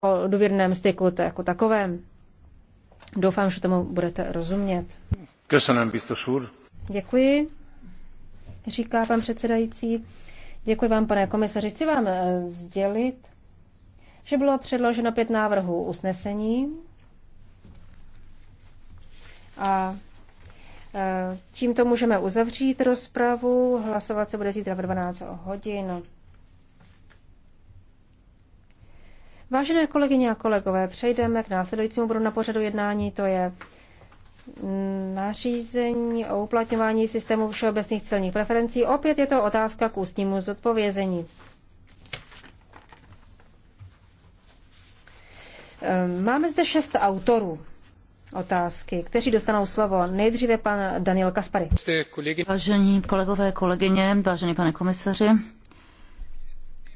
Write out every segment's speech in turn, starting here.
o důvěrném styku to jako takovém. Doufám, že tomu budete rozumět. Děkuji, říká pan předsedající. Děkuji vám, pane komisaři. Chci vám eh, sdělit, že bylo předloženo pět návrhů usnesení a eh, tímto můžeme uzavřít rozpravu. Hlasovat se bude zítra v 12 hodin. Vážené kolegyně a kolegové, přejdeme k následujícímu bodu na pořadu jednání, to je nařízení o uplatňování systému všeobecných celních preferencí. Opět je to otázka k ústnímu zodpovězení. Ehm, máme zde šest autorů otázky, kteří dostanou slovo. Nejdříve pan Daniel Kaspary. Vážení kolegové, kolegyně, vážený pane komisaři,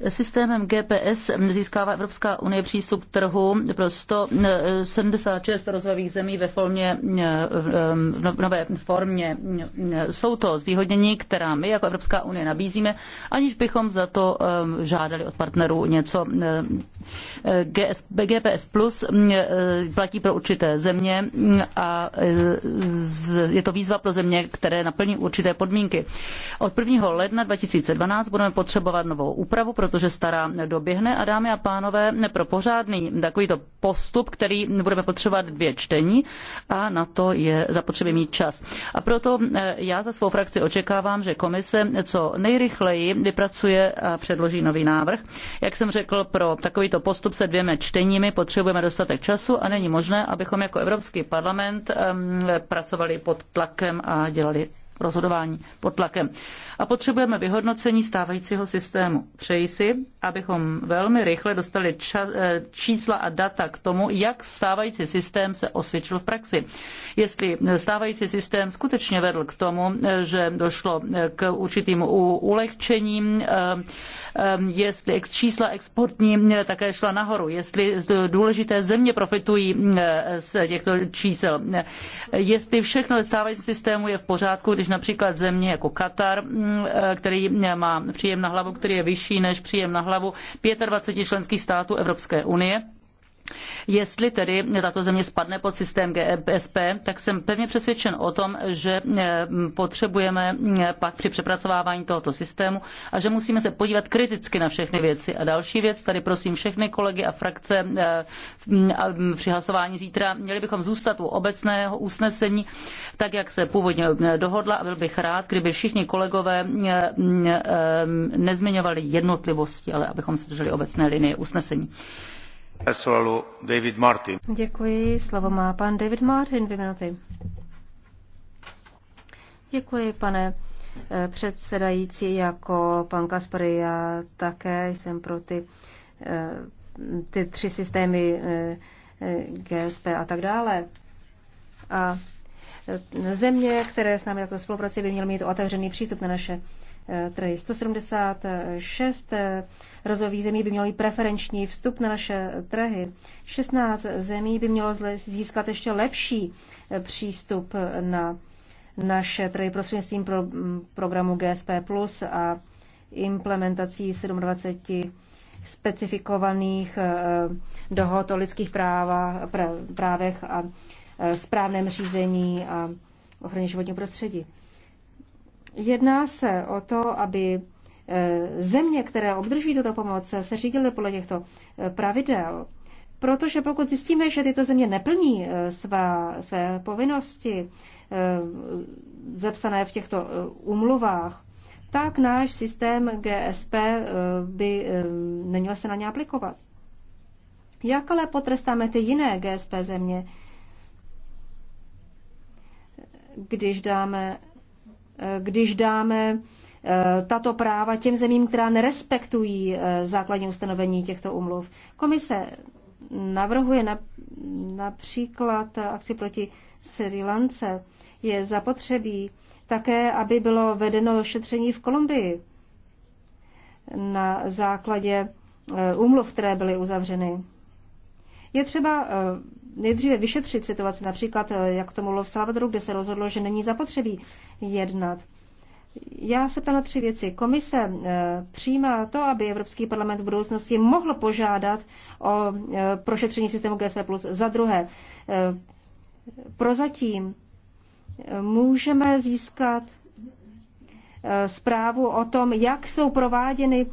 Systémem GPS získává Evropská unie přístup k trhu pro 176 rozvojových zemí ve formě, eh, v nové formě. Jsou to zvýhodnění, která my jako Evropská unie nabízíme, aniž bychom za to eh, žádali od partnerů něco. Eh, GPS Plus platí pro určité země a je to výzva pro země, které naplní určité podmínky. Od 1. ledna 2012 budeme potřebovat novou úpravu, proto protože stará doběhne. A dámy a pánové, pro pořádný takovýto postup, který budeme potřebovat dvě čtení a na to je zapotřebí mít čas. A proto eh, já za svou frakci očekávám, že komise co nejrychleji vypracuje a předloží nový návrh. Jak jsem řekl, pro takovýto postup se dvěma čteními potřebujeme dostatek času a není možné, abychom jako Evropský parlament ehm, pracovali pod tlakem a dělali rozhodování pod tlakem. A potřebujeme vyhodnocení stávajícího systému. Přeji si, abychom velmi rychle dostali ča- eh, čísla a data k tomu, jak stávající systém se osvědčil v praxi. Jestli stávající systém skutečně vedl k tomu, eh, že došlo eh, k určitým ulehčením, jestli ex- čísla exportní také šla nahoru, jestli důležité země profitují z těchto čísel, jestli všechno ve stávajícím systému je v pořádku, když například země jako Katar, mm, eh, který má příjem na hlavu, který je vyšší než příjem na hlavu 25 členských států Evropské unie, Jestli tedy tato země spadne pod systém GSP, tak jsem pevně přesvědčen o tom, že eh, potřebujeme eh, pak při přepracovávání tohoto systému a že musíme se podívat kriticky na všechny věci. A další věc, tady prosím všechny kolegy a frakce eh, při hlasování zítra, měli bychom zůstat u obecného usnesení, tak jak se původně dohodla a byl bych rád, kdyby všichni kolegové nezmiňovali jednotlivosti, ale abychom se drželi obecné linie usnesení. David Martin. Děkuji. Slovo má pan David Martin, dvě minuty. Děkuji, pane eh, předsedající, jako pan Kaspary, já také jsem pro ty, eh, ty tři systémy eh, GSP a tak dále. A země, které s námi takto spolupracují, by měly mít otevřený přístup na naše tedy 176 eh, rozových zemí by mělo mít preferenční vstup na naše trhy. 16 zemí by mělo získat ještě lepší eh, přístup eh, na naše trhy prostřednictvím pro, programu GSP Plus a implementací 27 specifikovaných dohod o lidských právách, právech a správném řízení a ochraně životního prostředí. Jedná se o to, aby eh, země, které obdrží tuto pomoc, se řídily podle těchto eh, pravidel. Protože pokud zjistíme, že tyto země neplní eh, svá, své povinnosti zapsané v těchto umluvách, tak náš systém GSP by neměl se na ně aplikovat. Jak ale potrestáme ty jiné GSP země, když dáme Eh, když dáme eh, tato práva těm zemím, která nerespektují eh, základní ustanovení těchto umluv. Komise navrhuje například akci proti Sri Lance. Je zapotřebí také, aby bylo vedeno šetření v Kolumbii na základě umluv, které byly uzavřeny. Je třeba nejdříve vyšetřit situaci, například eh, jak tomu bylo v Salvadoru, kde se rozhodlo, že není zapotřebí jednat. Já se ptám na tři věci. Komise eh, přijímá to, aby Evropský parlament v budoucnosti mohl požádat o eh, prošetření systému GSP+. Za druhé, prozatím můžeme získat zprávu o tom, jak jsou prováděny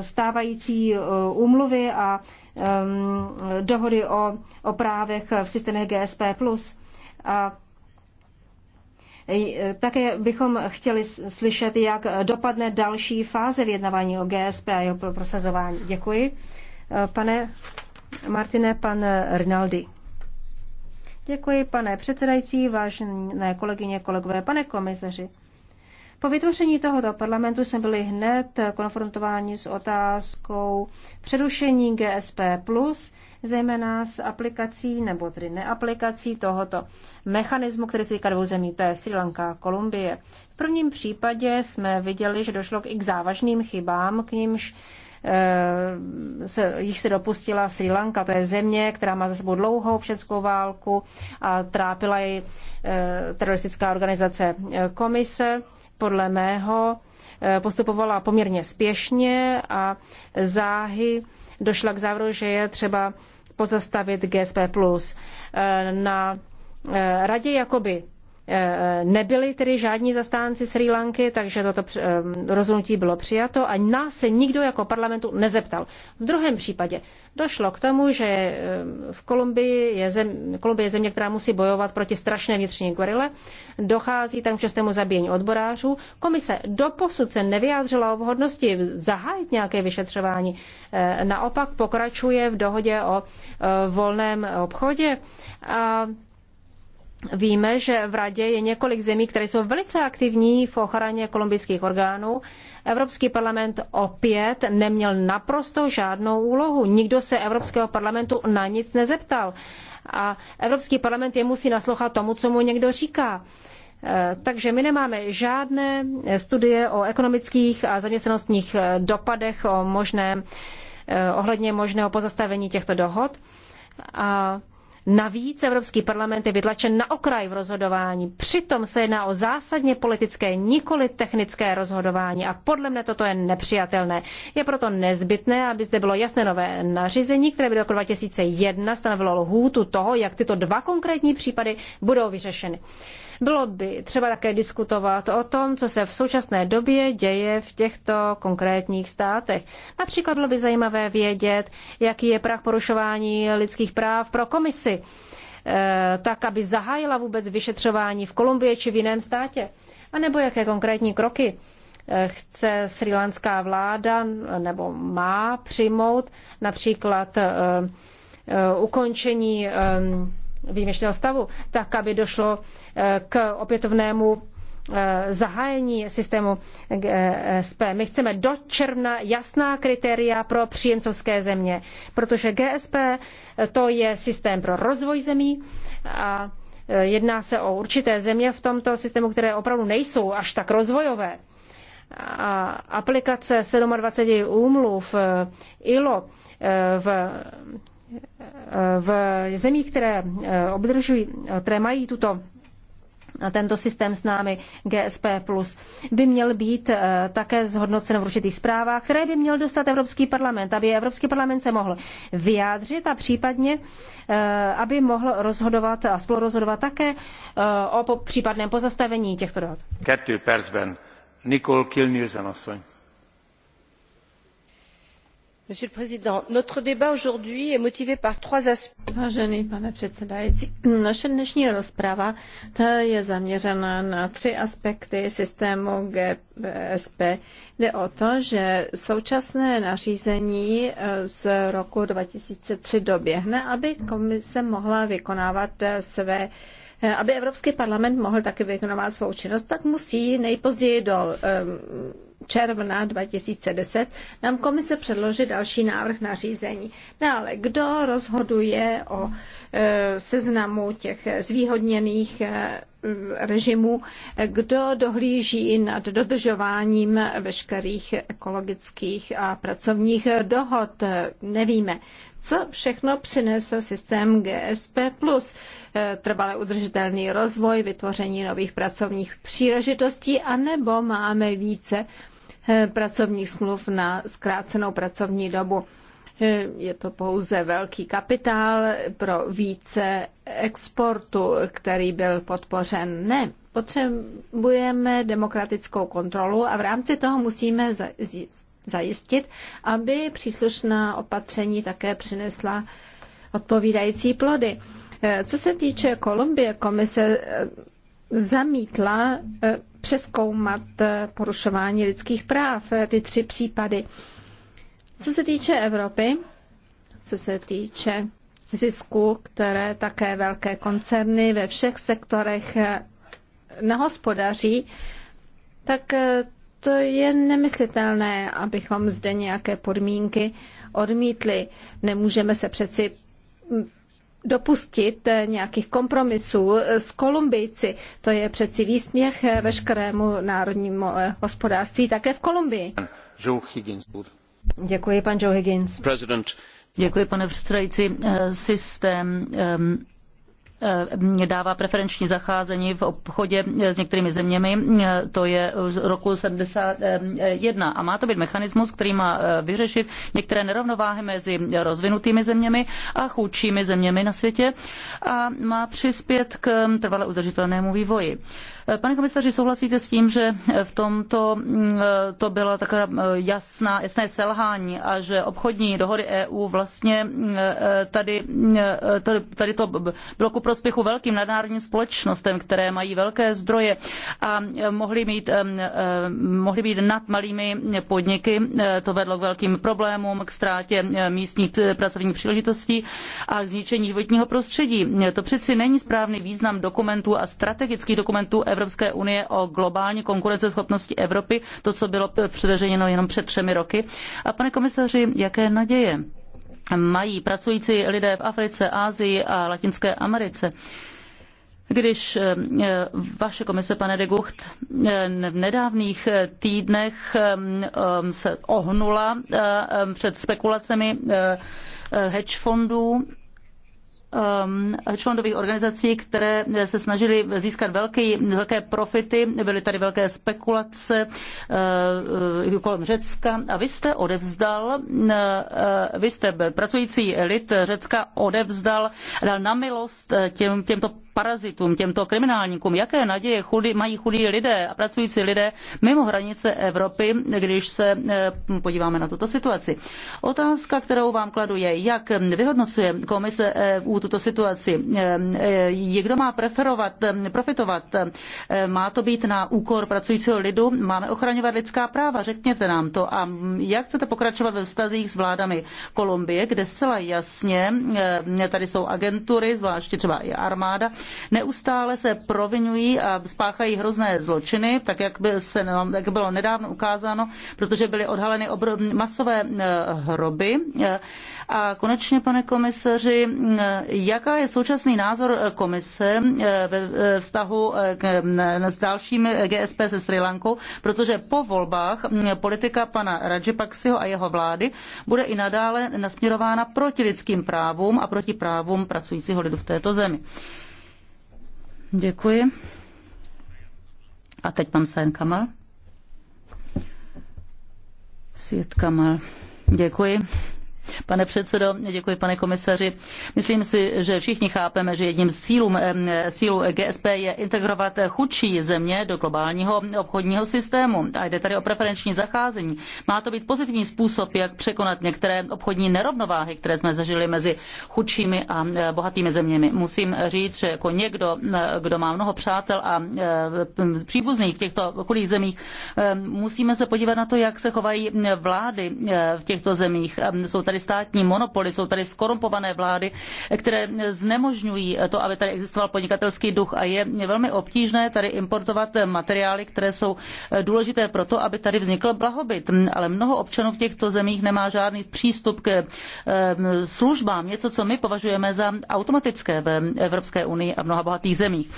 stávající úmluvy a Um, dohody o, o právech v systémech GSP+. A také bychom chtěli slyšet, jak dopadne další fáze vyjednávání o GSP a jeho prosazování. Děkuji. Pane Martine, pan Rinaldi. Děkuji, pane předsedající, vážené kolegyně, kolegové, pane komisaři. Po vytvoření tohoto parlamentu jsme byli hned konfrontováni s otázkou přerušení GSP+, zejména s aplikací nebo tedy neaplikací tohoto mechanismu, který se týká dvou zemí, to je Sri Lanka a Kolumbie. V prvním případě jsme viděli, že došlo k, i k závažným chybám, k nímž eh, se, jich se dopustila Sri Lanka. To je země, která má za sebou dlouhou občanskou válku a trápila ji eh, teroristická organizace eh, komise podle mého eh, postupovala poměrně spěšně a záhy došla k závěru, že je třeba pozastavit GSP+. Eh, na eh, radě jakoby Eh, nebyli tedy žádní zastánci Sri Lanky, takže toto eh, rozhodnutí bylo přijato a nás se nikdo jako parlamentu nezeptal. V druhém případě došlo k tomu, že eh, v Kolumbii je, zem, Kolumbie je země, která musí bojovat proti strašné vnitřní gorile. Dochází tam k častému zabíjení odborářů. Komise doposud se nevyjádřila o vhodnosti zahájit nějaké vyšetřování. Naopak pokračuje v dohodě o volném obchodě. A Víme, že v Radě je několik zemí, které jsou velice aktivní v ochraně kolumbijských orgánů. Evropský parlament opět neměl naprosto žádnou úlohu. Nikdo se Evropského parlamentu na nic nezeptal. A Evropský parlament je musí naslouchat tomu, co mu někdo říká. Eh, takže my nemáme žádné studie o ekonomických a zaměstnanostních dopadech o možném, eh, ohledně možného pozastavení těchto dohod. A Navíc Evropský parlament je vytlačen na okraj v rozhodování. Přitom se jedná o zásadně politické, nikoli technické rozhodování a podle mne toto je nepřijatelné. Je proto nezbytné, aby zde bylo jasné nové nařízení, které by do roku 2001 stanovilo lhůtu toho, jak tyto dva konkrétní případy budou vyřešeny. Bylo by třeba také diskutovat o tom, co se v současné době děje v těchto konkrétních státech. Například bylo by zajímavé vědět, jaký je prach porušování lidských práv pro komisi, eh, tak aby zahájila vůbec vyšetřování v Kolumbii či v jiném státě. A nebo jaké konkrétní kroky eh, chce srilanská vláda nebo má přijmout například eh, ukončení um, výjimečného stavu, tak aby došlo eh, k opětovnému eh, zahájení systému GSP. My chceme do června jasná kritéria pro příjemcovské země, protože GSP eh, to je systém pro rozvoj zemí a jedná se o určité země v tomto systému, které opravdu nejsou až tak rozvojové. A aplikace 27 úmluv ILO v v zemích, které eh, obdržují, eh, které mají tuto eh, tento systém s námi GSP+, by měl být také zhodnocen v určitých zprávách, které by měl dostat Evropský parlament, aby Evropský parlament se mohl vyjádřit a případně, aby mohl rozhodovat a spolurozhodovat také o případném pozastavení těchto dohod. Kettő percben Nikol asszony. Monsieur le Président, notre débat aujourd'hui est motivé par trois aspects. Vážený pane předsedající, naše dnešní rozprava je zaměřena na tři aspekty systému GSP. Jde o to, že současné nařízení eh, z roku 2003 doběhne, aby komise mohla vykonávat eh, své eh, aby Evropský parlament mohl také vykonávat svou činnost, tak musí nejpozději do června 2010 nám komise předložit další návrh na řízení. Dále, kdo rozhoduje o e, seznamu těch zvýhodněných e, režimů, kdo dohlíží nad dodržováním veškerých ekologických a pracovních dohod. Nevíme, co všechno přinesl systém GSP+, e, trvale udržitelný rozvoj, vytvoření nových pracovních příležitostí, anebo máme více Eh, pracovních smluv na zkrácenou pracovní dobu. Eh, je to pouze velký kapitál pro více exportu, který byl podpořen. Ne, potřebujeme demokratickou kontrolu a v rámci toho musíme zajistit, aby příslušná opatření také přinesla odpovídající plody. Eh, co se týče Kolumbie, komise zamítla eh, přeskoumat eh, porušování lidských práv, eh, ty tři případy. Co se týče Evropy, co se týče zisku, které také velké koncerny ve všech sektorech nahospodaří, tak to je nemyslitelné, abychom zde nějaké podmínky odmítli. Nemůžeme se přeci dopustit eh, nějakých kompromisů eh, s Kolumbijci. To je přeci výsměch eh, veškerému národnímu hospodářství také v Kolumbii. Děkuji, pan Joe Higgins. President. Děkuji, pane předsedající. Systém um, Eh, dává preferenční zacházení v obchodě s některými zeměmi, eh, to je z roku 71. A má to být mechanismus, který má eh, vyřešit některé nerovnováhy mezi rozvinutými zeměmi a chudšími zeměmi na světě a má přispět k trvale udržitelnému vývoji. Pane komisaři, souhlasíte s tím, že v tomto mm, to byla taková jasná, jasné selhání a že obchodní dohody EU vlastně mm, tady, mm, tady, tady to bylo ku prospěchu velkým nadnárodním společnostem, které mají velké zdroje a eh, mohly, mít, eh, eh, mohly být nad malými podniky. To vedlo k velkým problémům, k ztrátě místních pracovních příležitostí a k zničení životního prostředí. To přeci není správný význam dokumentů a strategických dokumentů Evropské unie o globální konkurenceschopnosti Evropy, to, co bylo předveřejněno jenom před třemi roky. A pane komisaři, jaké naděje? mají pracující lidé v Africe, Asii a Latinské Americe. Když eh, vaše komise, pane de Gucht, eh, v nedávných týdnech eh, se ohnula před spekulacemi hedge fondů, Um, členových organizací, které se snažily získat velký, velké profity, byly tady velké spekulace uh, kolem Řecka a vy jste odevzdal, uh, vy jste pracující elit Řecka odevzdal, dal na milost těm, těmto parazitům, těmto kriminálníkům, jaké naděje mají chudí lidé a pracující lidé mimo hranice Evropy, když se eh, podíváme na tuto situaci. Otázka, kterou vám kladu, je, jak vyhodnocuje komise EU tuto situaci. Je, eh, eh, kdo má preferovat, profitovat? Má to být na úkor pracujícího lidu? Máme ochraňovat lidská práva? Řekněte nám to. A jak chcete pokračovat ve vztazích s vládami Kolumbie, kde zcela jasně tady jsou agentury, zvláště třeba i armáda, Neustále se provinují a spáchají hrozné zločiny, tak jak, by se, jak bylo nedávno ukázáno, protože byly odhaleny masové eh, hroby. Eh, a konečně, pane komisaři, eh, jaká je současný názor komise ve vztahu k, s dalším GSP se Sri Lankou, protože po volbách hm, politika pana Rajapaksiho a jeho vlády bude i nadále nasměrována proti lidským právům a proti právům pracujícího lidu v této zemi. Děkuji. A teď pan Sajen Kamal. Sjet Kamal. Děkuji. Pane předsedo, děkuji pane komisaři. Myslím si, že všichni chápeme, že jedním z cílů, eh, cílů GSP je integrovat chudší země do globálního obchodního systému. A jde tady o preferenční zacházení. Má to být pozitivní způsob, jak překonat některé obchodní nerovnováhy, které jsme zažili mezi chudšími a eh, bohatými zeměmi. Musím říct, že jako někdo, eh, kdo má mnoho přátel a příbuzných v těchto chudých zemích, musíme se podívat na to, jak se chovají vlády v těchto zemích. Jsou tady tady státní monopoly, jsou tady skorumpované vlády, které znemožňují to, aby tady existoval podnikatelský duch a je velmi obtížné tady importovat materiály, které jsou důležité pro to, aby tady vznikl blahobyt. Ale mnoho občanů v těchto zemích nemá žádný přístup k eh, službám, něco, co my považujeme za automatické ve Evropské unii a v mnoha bohatých zemích.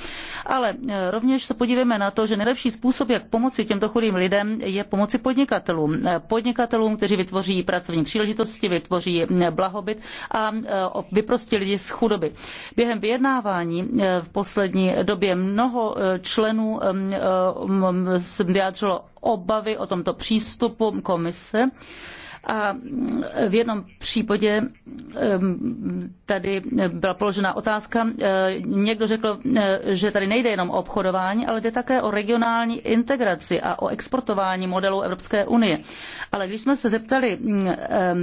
Ale eh, rovněž se podívejme na to, že nejlepší způsob, jak pomoci těmto chudým lidem, je pomoci podnikatelům. Eh, podnikatelům, kteří vytvoří pracovní příležitosti, vytvoří blahobyt a e, vyprostí lidi z chudoby. Během vyjednávání e, v poslední době mnoho e, členů vyjádřilo obavy o tomto přístupu komise. A v jednom případě tady byla položena otázka. Někdo řekl, že tady nejde jenom o obchodování, ale jde také o regionální integraci a o exportování modelů Evropské unie. Ale když jsme se zeptali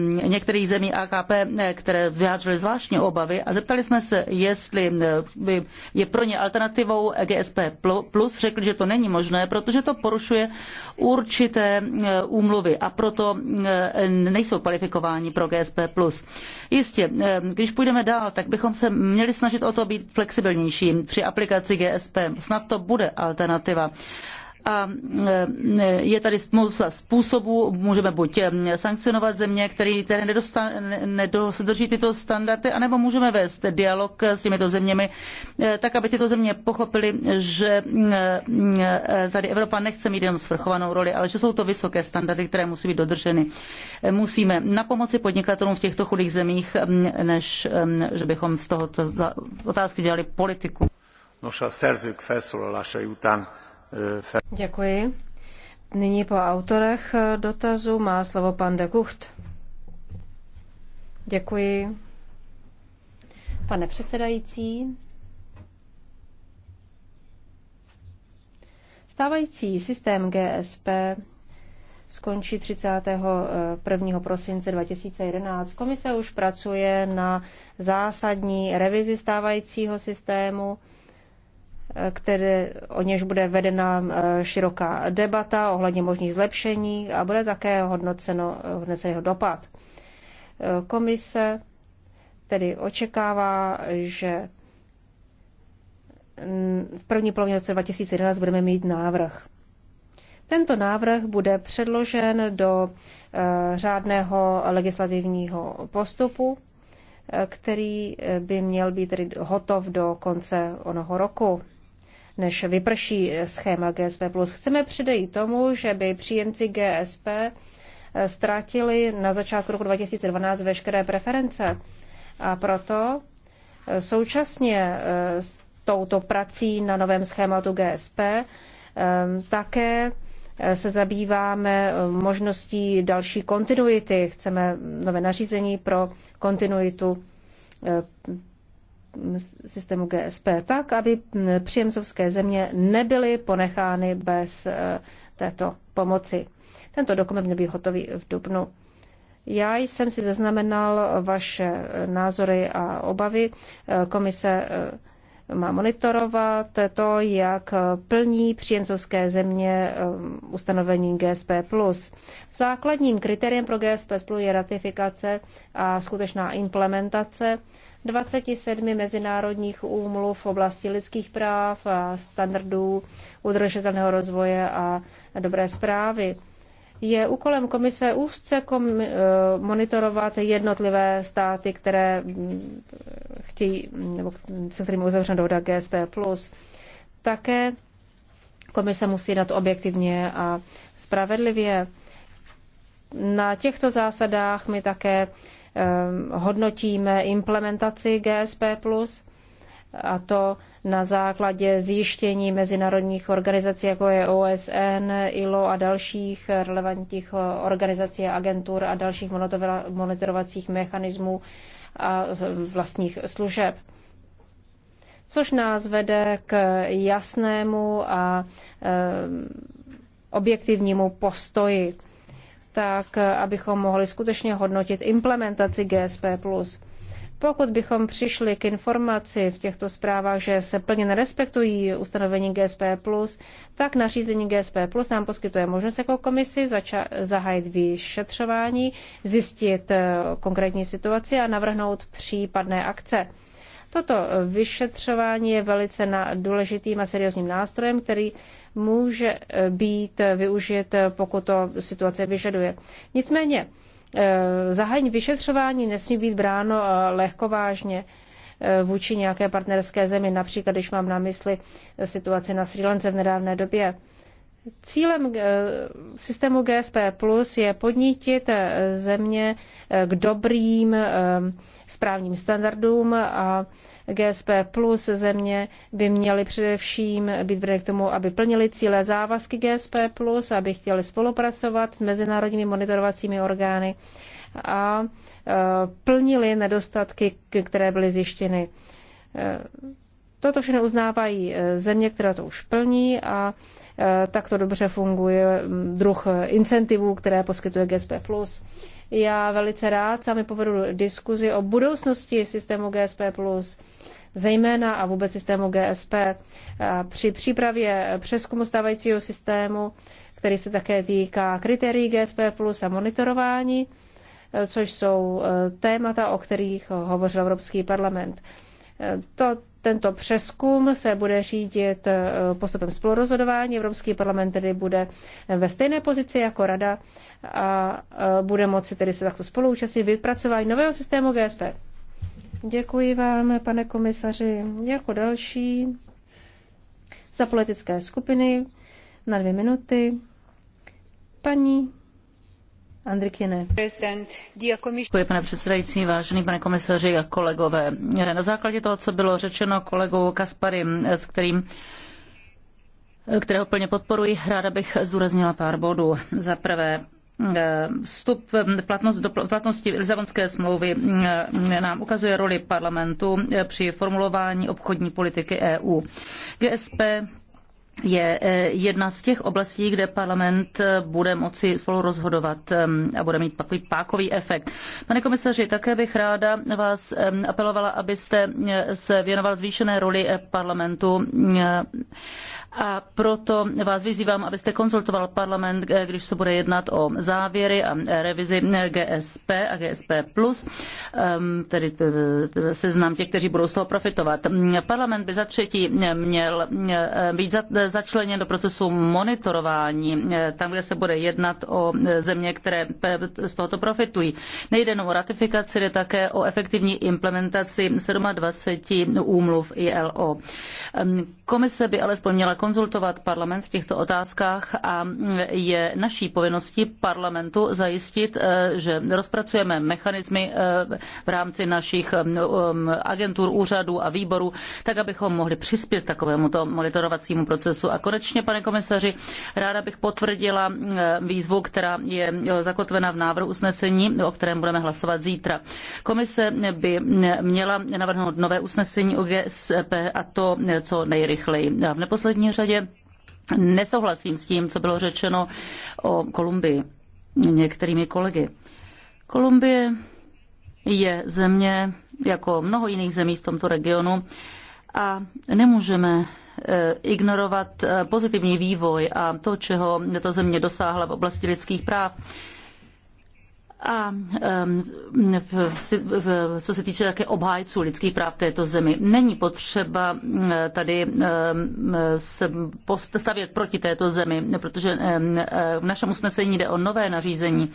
některých zemí AKP, které vyjádřily zvláštní obavy, a zeptali jsme se, jestli je pro ně alternativou GSP+, plus, řekli, že to není možné, protože to porušuje určité úmluvy a proto nejsou kvalifikováni pro GSP+. Jistě, eh, když půjdeme dál, tak bychom se měli snažit o to být flexibilnější při aplikaci GSP. Snad to bude alternativa a e, je tady spousta způsobů, můžeme buď e, sankcionovat země, které, nedodrží tyto standardy, anebo můžeme vést dialog s těmito zeměmi, e, tak aby tyto země pochopily, že tady Evropa nechce mít jenom svrchovanou roli, ale že jsou to vysoké standardy, které musí být dodrženy. Musíme na pomoci podnikatelům v těchto chudých zemích, než že bychom z tohoto otázky dělali politiku. Nos a szerzők felszólalásai után Děkuji. Nyní po autorech dotazu má slovo pan de Kucht. Děkuji. Pane předsedající, stávající systém GSP skončí 31. prosince 2011. Komise už pracuje na zásadní revizi stávajícího systému které, o něž bude vedena eh, široká debata ohledně možných zlepšení a bude také hodnoceno, hodnoceno jeho dopad. Eh, komise tedy očekává, že v první polovině roce 2011 budeme mít návrh. Tento návrh bude předložen do eh, řádného legislativního postupu, který by měl být hotov do konce onoho roku než vyprší schéma GSP+. Chceme předejít tomu, že by příjemci GSP eh, ztratili na začátku roku 2012 veškeré preference. A proto eh, současně eh, s touto prací na novém schématu GSP také se zabýváme možností další kontinuity. Chceme nové nařízení pro kontinuitu systému GSP tak, aby příjemcovské země nebyly ponechány bez eh, této pomoci. Tento dokument měl být hotový v dubnu. Já jsem si zaznamenal vaše názory a obavy. Eh, komise eh, má monitorovat to, jak plní příjemcovské země um, ustanovení GSP+. Základním kritériem pro GSP je ratifikace a skutečná implementace 27 mezinárodních úmluv v oblasti lidských práv a standardů udržitelného rozvoje a dobré zprávy. Je úkolem komise úzce kom, eh, monitorovat jednotlivé státy, které mm, chtějí, mm, nebo se kterými uzavřena dohoda GSP+. Také komise musí dát objektivně a spravedlivě. Na těchto zásadách my také eh, hodnotíme implementaci GSP+, a to na základě zjištění mezinárodních organizací, jako je OSN, ILO a dalších relevantních eh, organizací a agentur a dalších monitorovacích mechanismů a vlastních služeb což nás vede k jasnému a eh, objektivnímu postoji, tak eh, abychom mohli skutečně hodnotit implementaci GSP+. Pokud bychom přišli k informaci v těchto zprávách, že se plně nerespektují ustanovení GSP+, tak nařízení GSP+, nám poskytuje možnost jako komisi zača- zahájit vyšetřování, zjistit eh, konkrétní situaci a navrhnout případné akce. Toto vyšetřování je velice na důležitým a seriózním nástrojem, který může eh, být využit, eh, pokud to situace vyžaduje. Nicméně, Eh, zahájení vyšetřování nesmí být bráno eh, lehkovážně eh, vůči nějaké partnerské zemi, například když mám na mysli situaci na Sri Lance v nedávné době. Cílem eh, systému GSP Plus je podnítit eh, země eh, k dobrým správním standardům a GSP Plus země by měly především být vedeny k tomu, aby plnili cíle závazky GSP Plus, aby chtěli spolupracovat s mezinárodními monitorovacími orgány a plnili nedostatky, které byly zjištěny. Toto všechno uznávají země, které to už plní a Eh, takto dobře funguje mm, druh eh, incentivů, které poskytuje GSP+. Já velice rád sami povedu diskuzi o budoucnosti systému GSP+, zejména a vůbec systému GSP. Eh, při přípravě přeskumu stávajícího systému, který se také týká kritérií GSP+, a monitorování, což jsou témata, o kterých hovořil Evropský parlament. To, tento přeskum se bude řídit eh, postupem spolurozhodování. Evropský parlament tedy bude eh, ve stejné pozici jako rada a eh, bude moci tedy se takto spoluúčastnit vypracování nového systému GSP. Děkuji vám, pane komisaři. Jako další za politické skupiny na dvě minuty paní pane předsedající, vážený pane komisaři a kolegové. Na základě toho, co bylo řečeno kolegou Kasparym, kterého plně podporuji, ráda bych zdůraznila pár bodů. Za prvé, Vstup platnost, platnosti Lisabonské smlouvy eh, nám ukazuje roli parlamentu eh, při formulování obchodní politiky EU. GSP je eh, jedna z těch oblastí, kde parlament eh, bude moci spolu rozhodovat eh, a bude mít takový pákový efekt. Pane komisaři, také bych ráda vás apelovala, abyste se věnoval zvýšené roli parlamentu a proto vás vyzývám, abyste konzultoval parlament, eh, když se bude jednat o závěry a eh, revizi eh, GSP a GSP+, ehm, tedy seznam těch, kteří budou z toho profitovat. Mm, parlament by za třetí měl být začleněn do procesu monitorování, tam, kde se bude jednat o země, které z tohoto profitují. Nejde jenom o ratifikaci, jde také o efektivní implementaci 27 úmluv ILO. Ehm, komise by alespoň měla konzultovat parlament v těchto otázkách a je naší povinností parlamentu zajistit, eh, že rozpracujeme mechanismy eh, v rámci našich eh, um, agentur, úřadů a výborů, tak abychom mohli přispět takovému to monitorovacímu procesu. A konečně, pane komisaři, ráda bych potvrdila výzvu, která je zakotvena v návrhu usnesení, o kterém budeme hlasovat zítra. Komise by měla navrhnout nové usnesení o GSP a to co nejrychleji. A v neposlední řadě nesouhlasím s tím, co bylo řečeno o Kolumbii některými kolegy. Kolumbie je země, jako mnoho jiných zemí v tomto regionu, a nemůžeme e, ignorovat e, pozitivní vývoj a to, čeho tato země dosáhla v oblasti lidských práv a co se týče také obhájců lidských práv této zemi. Není potřeba tady se postavit proti této zemi, protože v našem usnesení jde o nové nařízení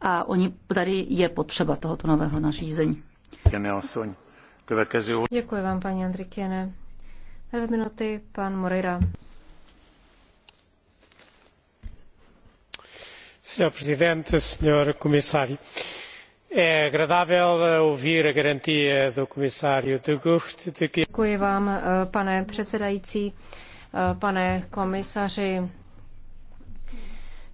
a oni, tady je potřeba tohoto nového nařízení. Děkuji vám, paní Andrikiene. Dvě minuty, pan Moreira. Senhor Presidente, Senhor Comissário, é agradável ouvir a garantia do Comissário de Gucht de que... Děkuji vám, eh, pane předsedající, eh, pane komisaři.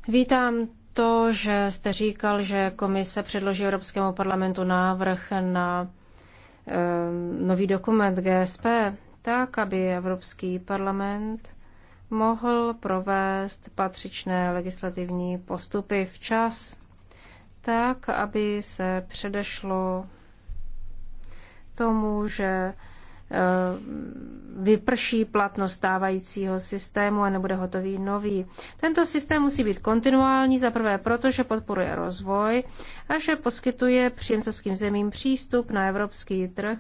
Vítám to, že jste říkal, že komise předloží Evropskému parlamentu návrh na eh, nový dokument GSP, tak, aby Evropský parlament mohl provést patřičné legislativní postupy včas, tak, aby se předešlo tomu, že eh, vyprší platnost stávajícího systému a nebude hotový nový. Tento systém musí být kontinuální, zaprvé proto, že podporuje rozvoj a že poskytuje příjemcovským zemím přístup na evropský trh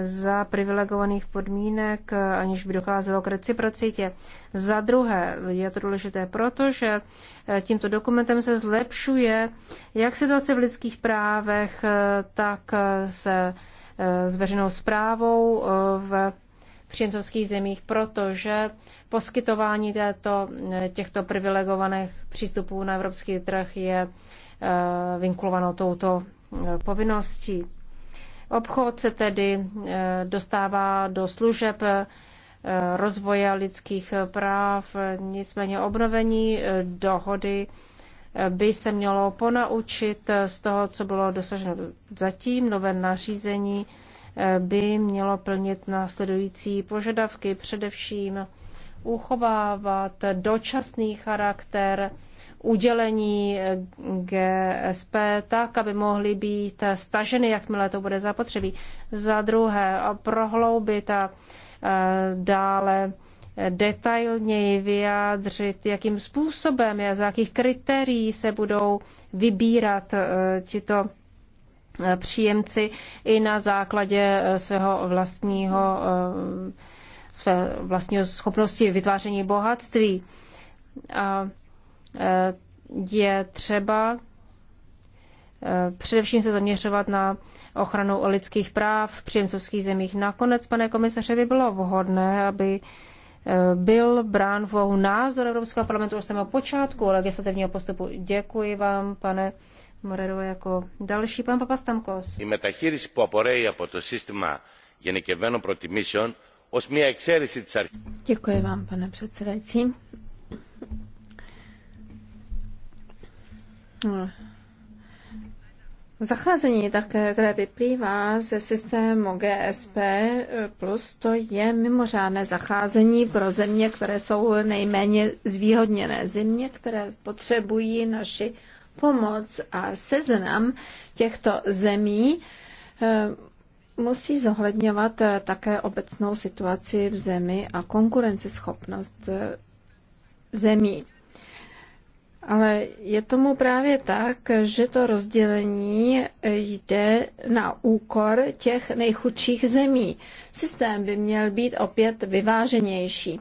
za privilegovaných podmínek, aniž by docházelo k reciprocitě. Za druhé, je to důležité, protože eh, tímto dokumentem se zlepšuje jak situace v lidských právech, eh, tak eh, se s veřejnou zprávou v příjemcovských zemích, protože poskytování této, těchto privilegovaných přístupů na evropský trh je vinkulováno touto povinností. Obchod se tedy eh, dostává do služeb eh, rozvoje lidských práv, nicméně obnovení eh, dohody by se mělo ponaučit z toho, co bylo dosaženo zatím. Nové nařízení by mělo plnit následující požadavky, především uchovávat dočasný charakter udělení eh, GSP tak, aby mohly být eh, staženy, jakmile to bude zapotřebí. Za druhé, prohloubit a eh, dále detailněji vyjádřit, jakým způsobem a za jakých kritérií se budou vybírat tito příjemci i na základě svého vlastního, své vlastního schopnosti vytváření bohatství. A Eh, je třeba eh, především se zaměřovat na ochranu lidských práv v příjemcovských zemích. Nakonec, pane komisaře, by bylo vhodné, aby eh, byl brán v názor Evropského parlamentu od samého počátku legislativního postupu. Děkuji vám, pane Morero, jako další. Pan Papastamkos. Η μεταχείριση που απορρέει από το σύστημα γενικευμένων προτιμήσεων ως μια εξαίρεση της αρχής. Děkuji vám, pane předsedající. Zacházení také, které vyplývá ze systému GSP+, plus to je mimořádné zacházení pro země, které jsou nejméně zvýhodněné. Země, které potřebují naši pomoc a seznam těchto zemí eh, musí zohledňovat eh, také obecnou situaci v zemi a konkurenceschopnost eh, zemí. Ale je tomu právě tak, že to rozdělení jde na úkor těch nejchudších zemí. Systém by měl být opět vyváženější.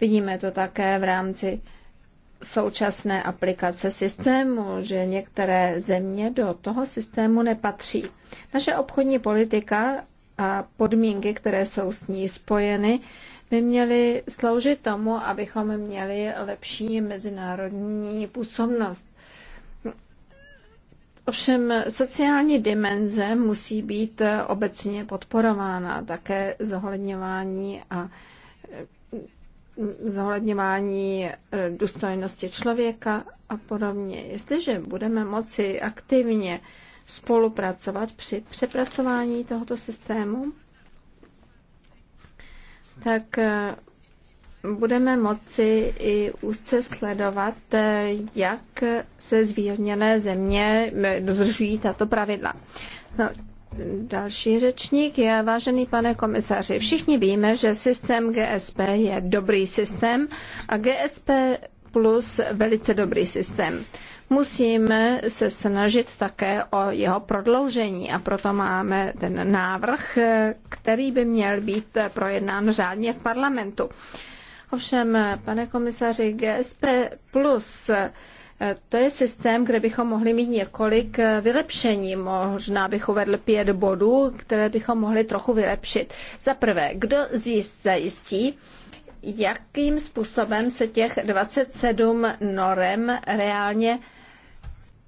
Vidíme to také v rámci současné aplikace systému, že některé země do toho systému nepatří. Naše obchodní politika a podmínky, které jsou s ní spojeny, by měly sloužit tomu, abychom měli lepší mezinárodní působnost. Ovšem sociální dimenze musí být obecně podporována, také zohledňování a mm, zohledňování e, důstojnosti člověka a podobně. Jestliže budeme moci aktivně spolupracovat při přepracování tohoto systému, tak eh, budeme moci i úzce sledovat, eh, jak se zvýhodněné země eh, dodržují tato pravidla. No, další řečník je vážený pane komisaři. Všichni víme, že systém GSP je dobrý systém a GSP plus velice dobrý systém musíme se snažit také o jeho prodloužení a proto máme ten návrh, který by měl být projednán řádně v parlamentu. Ovšem, pane komisaři, GSP plus to je systém, kde bychom mohli mít několik vylepšení. Možná bych uvedl pět bodů, které bychom mohli trochu vylepšit. Za prvé, kdo zjistí, zajistí, jakým způsobem se těch 27 norem reálně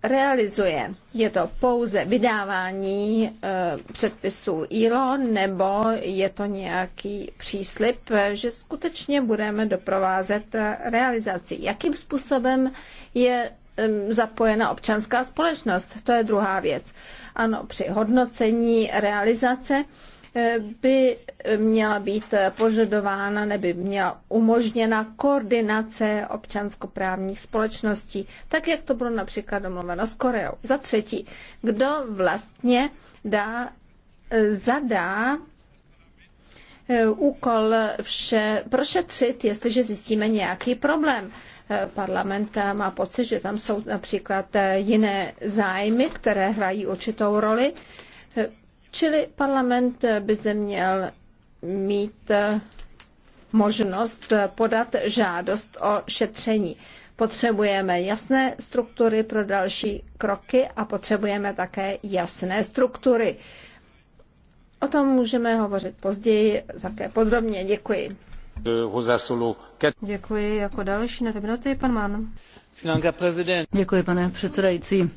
realizuje. Je to pouze vydávání eh, předpisů ILO nebo je to nějaký příslip, že skutečně budeme doprovázet realizaci. Jakým způsobem je zapojena občanská společnost? To je druhá věc. Ano, při hodnocení realizace by měla být požadována, neby měla umožněna koordinace občanskoprávních společností, tak jak to bylo například domluveno s Koreou. Za třetí, kdo vlastně dá, zadá eh, úkol vše prošetřit, jestliže zjistíme nějaký problém eh, parlament má pocit, že tam jsou například eh, jiné zájmy, které hrají určitou roli. Čili parlament by zde měl mít eh, možnost podat žádost o šetření. Potřebujeme jasné struktury pro další kroky a potřebujeme také jasné struktury. O tom můžeme hovořit později také podrobně. Děkuji. Eh, Děkuji. Jako další na dvě minuty pan Mann. Děkuji, pane předsedající.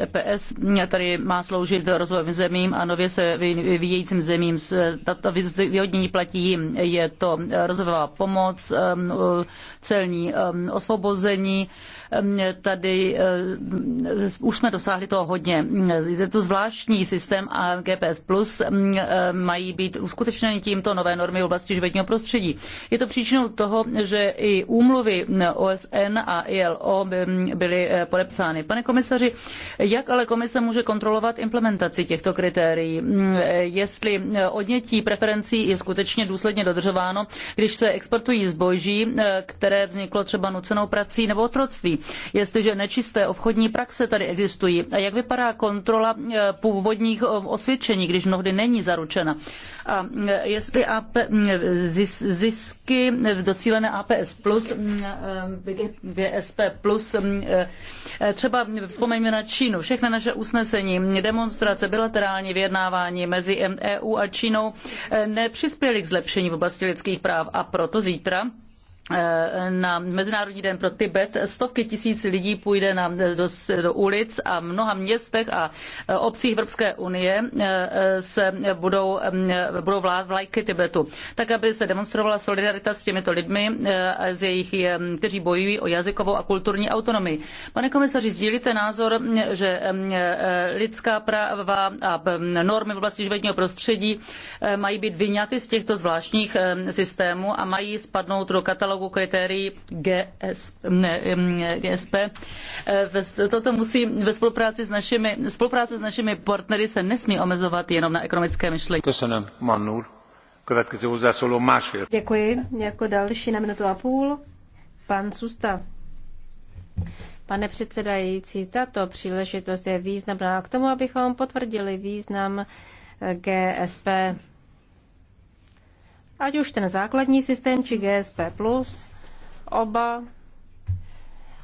EPS ehm, e tady má sloužit rozvojovým zemím a nově se vyvíjejícím zemím. Tato vyhodnění platí, je to rozvojová pomoc, ehm, celní ehm, osvobození. Tady už jsme dosáhli toho hodně. Je to zvláštní systém a GPS Plus mají být uskutečněny tímto nové normy v oblasti životního prostředí. Je to příčinou toho, že i úmluvy OSN a i ILO byly eh, podepsány. Pane komisaři, jak ale komise může kontrolovat implementaci těchto kritérií? Mm, eh, jestli eh, odnětí preferencí je skutečně důsledně dodržováno, když se exportují zboží, které vzniklo třeba nucenou prací nebo otroctví. Jestliže nečisté obchodní praxe tady existují. A jak vypadá kontrola původních osvědčení, když mnohdy není zaručena? A jestli AP, mm, zisky docílené APS plus mm, GSP+. Plus. Mm, eh, třeba vzpomeňme na Čínu. Všechny naše usnesení, demonstrace, bilaterální vyjednávání mezi EU e a Čínou eh, nepřispěly k zlepšení v oblasti lidských práv a proto zítra Eh, na Mezinárodní den pro Tibet. Stovky tisíc lidí půjde na, do, do ulic a v mnoha městech a eh, obcích Evropské unie eh, se budou, budou vlád vlajky Tibetu. Tak, aby se demonstrovala solidarita s těmito lidmi, z jejich, kteří bojují o jazykovou a kulturní autonomii. Pane komisaři, sdílíte názor, že lidská práva a normy v oblasti životního prostředí mají být vyňaty z těchto zvláštních systémů a mají spadnout do katalogu katalogu kritérií GS, ne, GSP. Toto musí ve spolupráci s našimi, spolupráce s našimi partnery se nesmí omezovat jenom na ekonomické myšlení. Děkuji. Jako další na minutu a půl pan Susta. Pane předsedající, tato příležitost je významná k tomu, abychom potvrdili význam GSP Ať už ten základní systém či GSP+, oba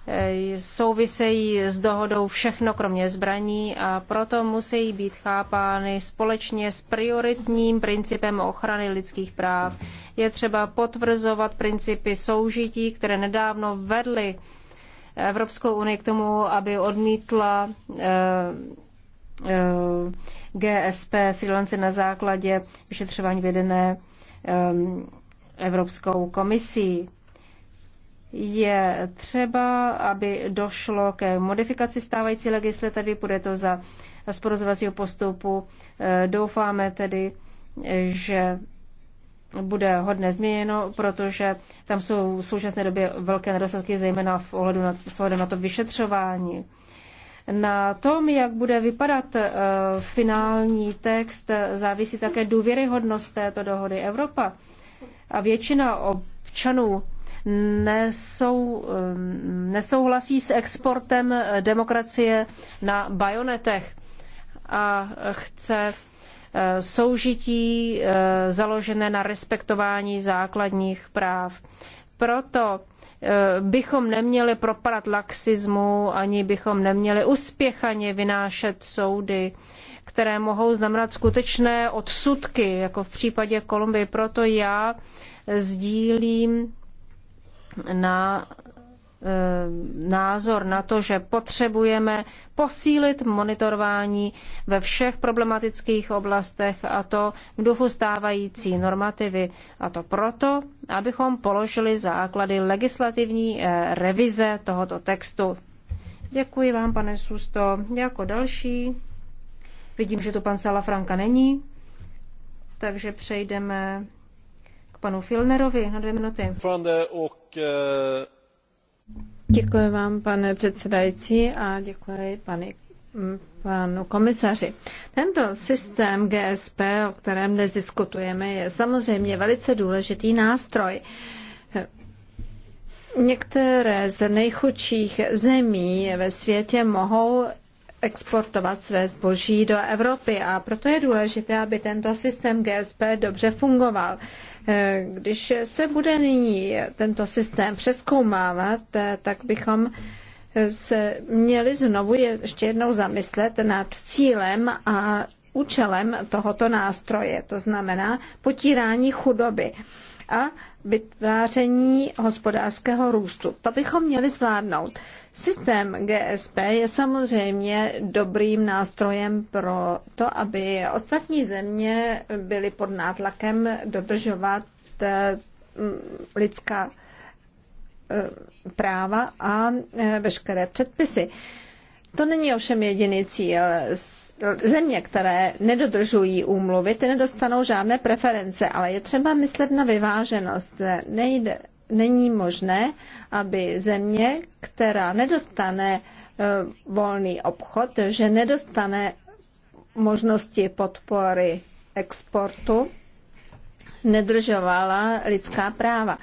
e, souvisejí s dohodou všechno kromě zbraní a proto musí být chápány společně s prioritním principem ochrany lidských práv. Je třeba potvrzovat principy soužití, které nedávno vedly Evropskou unii k tomu, aby odmítla eh, eh, GSP Sri Lance na základě vyšetřování vedené Um, Evropskou komisí. Je třeba, aby došlo ke modifikaci stávající legislativy, bude to za sporozovacího postupu. Uh, doufáme tedy, že bude hodně změněno, protože tam jsou v současné době velké nedostatky, zejména v ohledu na, s ohledem na to vyšetřování. Na tom, jak bude vypadat eh, finální text, závisí také důvěryhodnost této dohody Evropa. A většina občanů nesou, eh, nesouhlasí s exportem eh, demokracie na bajonetech a chce soužití založené na respektování základních práv. Proto Eh, bychom neměli propadat laxismu, ani bychom neměli uspěchaně vynášet soudy, které mohou znamenat skutečné odsudky, jako v případě Kolumbie. Proto já sdílím na Eh, názor na to, že potřebujeme posílit monitorování ve všech problematických oblastech a to v duchu stávající normativy. A to proto, abychom položili základy legislativní eh, revize tohoto textu. Děkuji vám, pane Susto. Jako další vidím, že tu pan Salafranka není, takže přejdeme k panu Filnerovi na dvě minuty. ok, Děkuji vám, pane předsedající, a děkuji pane panu komisaři. Tento systém GSP, o kterém dnes diskutujeme, je samozřejmě velice důležitý nástroj. Některé z nejchudších zemí ve světě mohou exportovat své zboží do Evropy a proto je důležité, aby tento systém GSP dobře fungoval. Eh, když se bude nyní tento systém přeskoumávat, eh, tak bychom eh, se měli znovu ještě jednou zamyslet nad cílem a účelem tohoto nástroje, to znamená potírání chudoby a vytváření hospodářského růstu. To bychom měli zvládnout. Systém GSP je samozřejmě dobrým nástrojem pro to, aby ostatní země byly pod nátlakem dodržovat eh, lidská eh, práva a eh, veškeré předpisy. To není ovšem jediný cíl. Země, které nedodržují úmluvy, ty nedostanou žádné preference, ale je třeba myslet na vyváženost. Nejde, není možné, aby země, která nedostane eh, volný obchod, že nedostane možnosti podpory exportu, nedržovala lidská práva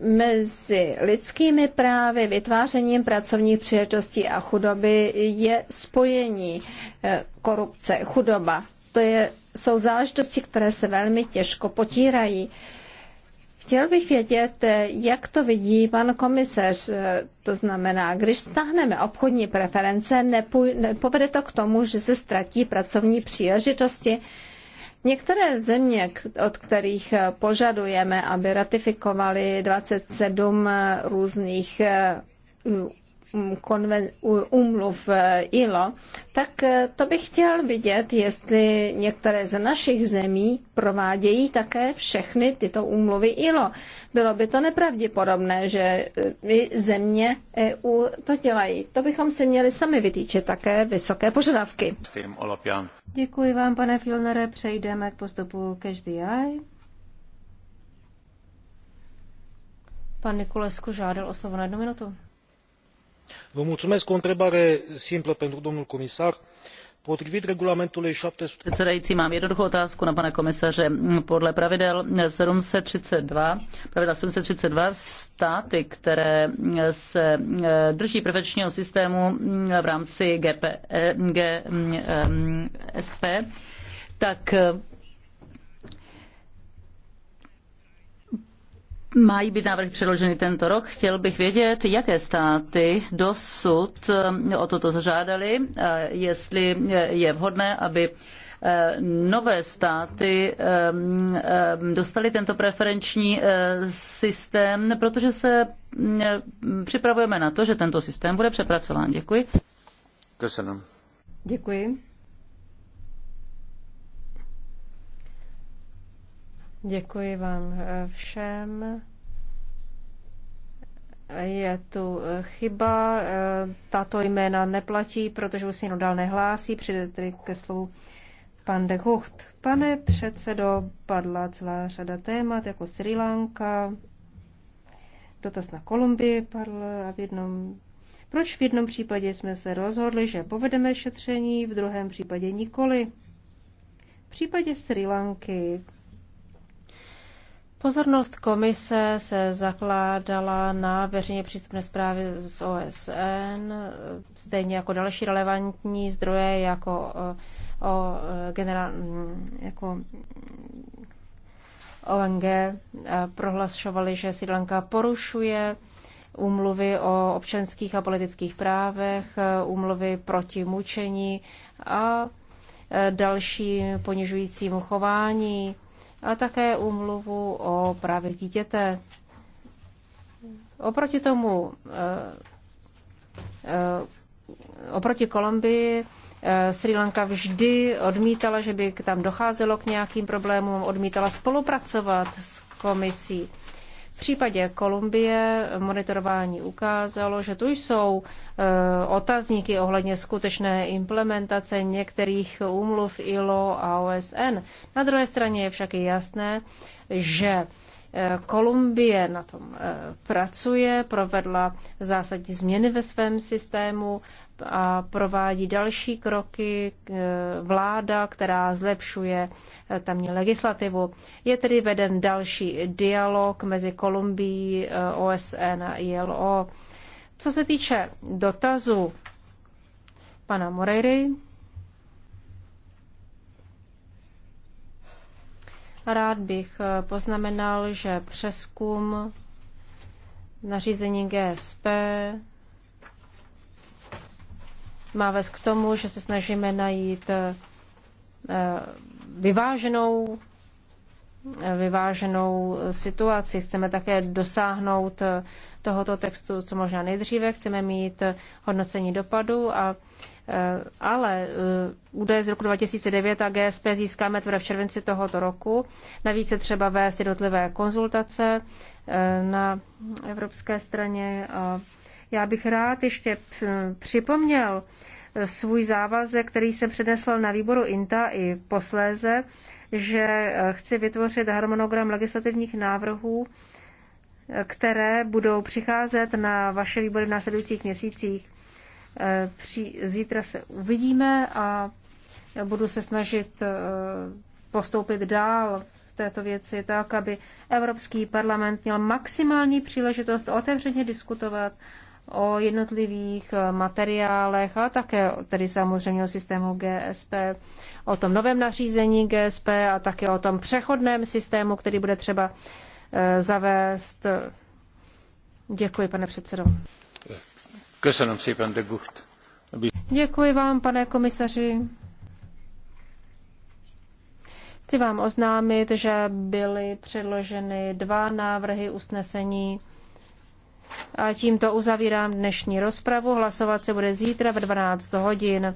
mezi lidskými právy, vytvářením pracovních příležitostí a chudoby je spojení eh, korupce, chudoba. To je, jsou záležitosti, které se velmi těžko potírají. Chtěl bych vědět, eh, jak to vidí pan komisař. Eh, to znamená, když stáhneme obchodní preference, nepovede to k tomu, že se ztratí pracovní příležitosti. Některé země, od kterých eh, požadujeme, aby ratifikovali 27 eh, různých eh, konven, umluv eh, ILO, tak eh, to bych chtěl vidět, jestli některé z našich zemí provádějí také všechny tyto úmluvy ILO. Bylo by to nepravděpodobné, že eh, i země EU to dělají. To bychom si měli sami vytýčit také vysoké požadavky. Děkuji vám, pane Filnere. Přejdeme k postupu každý the Pan Nikulesku žádal o slovo na jednu minutu o întrebare simplă pentru domnul comisar potrivit regulamentului șapte sute. předsedající mám jednoduchou otázku na pana komisaře. podle pravidel seven hundred and thirty two státy které se eh, drží preferenčního systému eh, v rámci gsp e, mm, eh, mm, tak Mají být návrhy předloženy tento rok. Chtěl bych vědět, jaké státy dosud eh, o toto zažádali, eh, jestli je vhodné, aby eh, nové státy dostaly tento preferenční systém, protože se mm, připravujeme na to, že tento systém bude přepracován. Děkuji. Děkuji. Děkuji vám eh, všem. Je tu eh, chyba, eh, tato jména neplatí, protože už si jenom dál nehlásí. Přijde tedy ke slovu pan de Gucht. Pane předsedo, padla celá řada témat, jako Sri Lanka, dotaz na Kolumbii padl a v jednom proč v jednom případě jsme se rozhodli, že povedeme šetření, v druhém případě nikoli? V případě Sri Lanky Pozornost komise se zakládala na veřejně přístupné zprávy z OSN, stejně jako další relevantní zdroje, jako, eh, o, eh, generál, mm, jako ONG, eh, prohlašovali, že Sri Lanka porušuje úmluvy o občanských a politických právech, úmluvy proti mučení a další ponižujícímu chování a také úmluvu o právě dítěte. Oproti tomu, eh, eh, oproti Kolumbii, eh, Sri Lanka vždy odmítala, že by tam docházelo k nějakým problémům, odmítala spolupracovat s komisí. V případě Kolumbie monitorování ukázalo, že tu jsou e, otazníky ohledně skutečné implementace některých úmluv ILO a OSN. Na druhé straně je však i jasné, že e, Kolumbie na tom e, pracuje, provedla zásadní změny ve svém systému a provádí další kroky eh, vláda, která zlepšuje eh, tamní legislativu. Je tedy veden další dialog mezi Kolumbií, eh, OSN a ILO. Co se týče dotazu pana Moreiry, rád bych poznamenal, že přeskum nařízení GSP má vést k tomu, že se snažíme najít eh, vyváženou, eh, vyváženou situaci. Chceme také dosáhnout eh, tohoto textu co možná nejdříve, chceme mít hodnocení dopadu, a, ale údaje z roku 2009 a GSP získáme teprve v červenci tohoto roku. Navíc je třeba vést jednotlivé konzultace na evropské straně. A já bych rád ještě eh, připomněl eh, svůj závazek, který jsem přednesl na výboru INTA i posléze, že eh, chci vytvořit harmonogram legislativních návrhů, které budou přicházet na vaše výbory v následujících měsících. Zítra se uvidíme a budu se snažit postoupit dál v této věci tak, aby Evropský parlament měl maximální příležitost otevřeně diskutovat o jednotlivých eh, materiálech, a také tedy samozřejmě o systému GSP, o tom novém nařízení GSP a také o tom přechodném systému, který bude třeba eh, zavést. Děkuji, pane předsedo. Děkuji vám, pane komisaři. Chci vám oznámit, že byly předloženy dva návrhy usnesení a tímto uzavírám dnešní rozpravu. Hlasovat se bude zítra v 12 hodin.